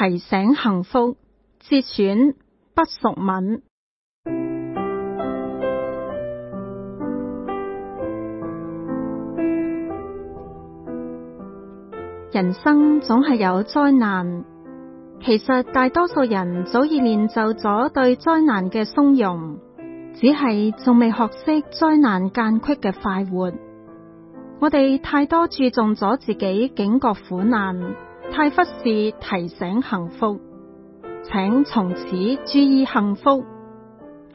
提醒幸福，節選畢淑敏。人生總係有災難，其實大多數人早已練就咗對災難嘅從容，只係仲未學識災難間隙嘅快活。我哋太多注重咗自己警覺苦難。太忽視提醒幸福，請從此注意幸福。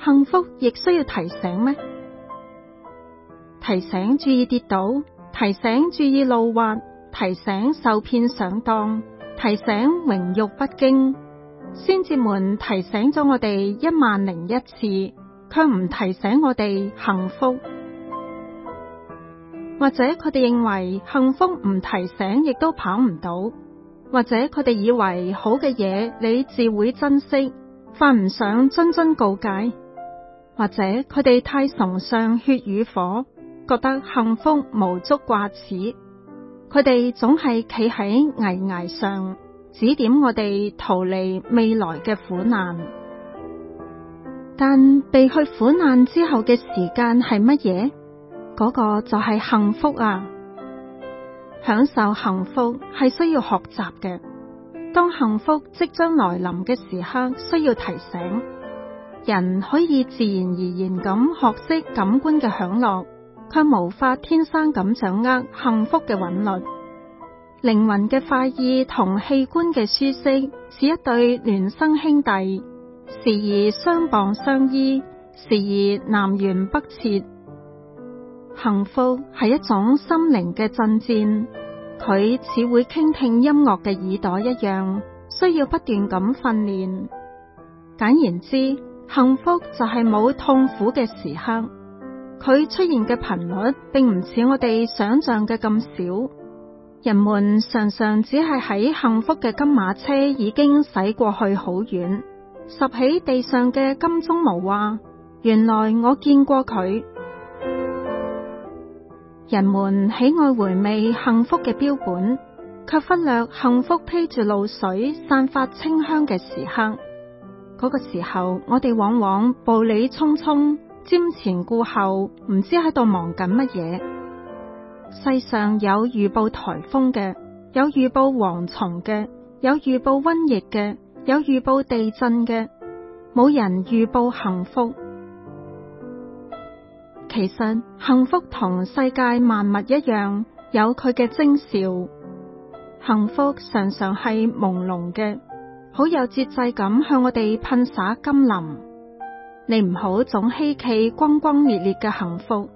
幸福亦需要提醒咩？提醒注意跌倒，提醒注意路滑，提醒受騙上當，提醒榮辱不驚。先知們提醒咗我哋一萬零一次，卻唔提醒我哋幸福。或者佢哋認為幸福唔提醒亦都跑唔到。或者佢哋以為好嘅嘢你自會珍惜，犯唔上諄諄告誡；或者佢哋太崇尚血與火，覺得幸福無足掛齒。佢哋總係企喺危崖上指點我哋逃離未來嘅苦難，但避去苦難之後嘅時間係乜嘢？嗰、嗰個就係幸福啊！享受幸福係需要學習嘅。當幸福即將來臨嘅時刻，需要提醒。人可以自然而然咁學識感官嘅享樂，卻無法天生咁掌握幸福嘅韻律。靈魂嘅快意同器官嘅舒適是一對孿生兄弟，時而相傍相依，時而南轅北轍。幸福係一種心靈嘅震顫，佢似會傾聽音樂嘅耳朵一樣，需要不斷咁訓練。簡言之，幸福就係冇痛苦嘅時刻，佢出現嘅頻率並唔似我哋想象嘅咁少。人們常常只係喺幸福嘅金馬車已經駛過去好遠，拾起地上嘅金鐘毛話，原來我見過佢。人們喜愛回味幸福嘅標本，卻忽略幸福披住露水、散發清香嘅時刻。嗰個時候，我哋往往步履匆匆、瞻前顧後，唔知喺度忙緊乜嘢。世上有預報台風嘅，有預報蝗蟲嘅，有預報瘟疫嘅，有預報地震嘅，冇人預報幸福。其實幸福同世界萬物一樣，有佢嘅徵兆。幸福常常係朦朧嘅，好有節制咁向我哋噴灑甘霖。你唔好總希冀轟轟烈烈嘅幸福，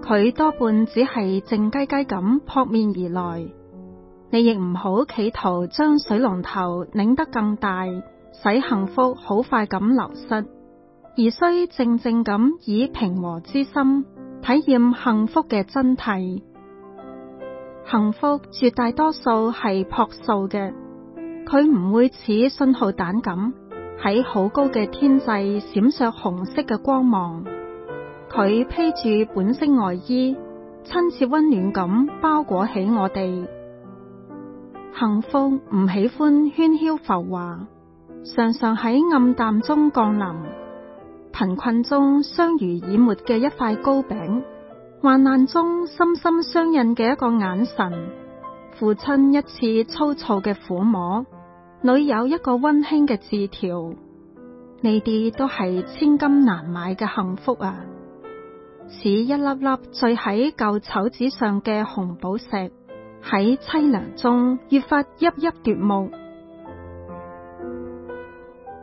佢多半只係靜雞雞咁撲面而來。你亦唔好企圖將水龍頭擰得更大，使幸福好快咁流失。而需靜靜咁以平和之心體驗幸福嘅真諦。幸福絕大多數係樸素嘅，佢唔會似信號彈咁喺好高嘅天際閃爍紅色嘅光芒。佢披住本色外衣，親切温暖咁包裹起我哋。幸福唔喜歡喧囂浮華，常常喺暗淡中降臨。貧困中相濡以沫嘅一塊糕餅，患難中深深相印嘅一個眼神，父親一次粗糙嘅撫摸，女友一個溫馨嘅字條，呢啲都係千金難買嘅幸福啊！似一粒粒墜喺舊草紙上嘅紅寶石，喺淒涼中越發熠熠奪目。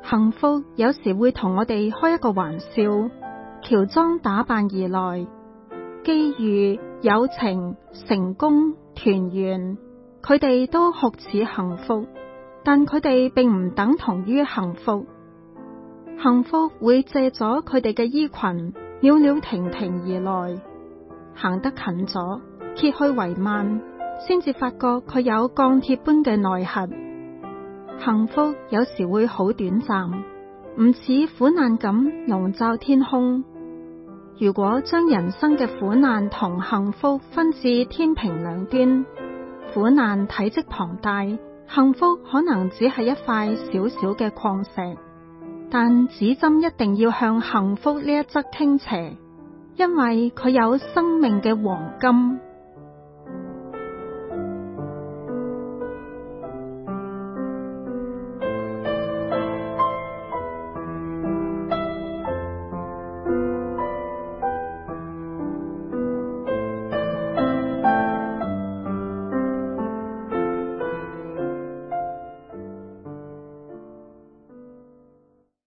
幸福有時會同我哋開一個玩笑，喬裝打扮而來。機遇、友情、成功、團圓，佢哋都酷似幸福，但佢哋並唔等同於幸福。幸福會借咗佢哋嘅衣裙，裊裊婷婷而來，行得近咗，揭去帷幔，先至發覺佢有鋼鐵般嘅內核。幸福有時會好短暫，唔似苦難咁籠罩天空。如果將人生嘅苦難同幸福分至天平兩端，苦難體積龐大，幸福可能只係一塊小小嘅礦石。但指針一定要向幸福呢一側傾斜，因為佢有生命嘅黃金。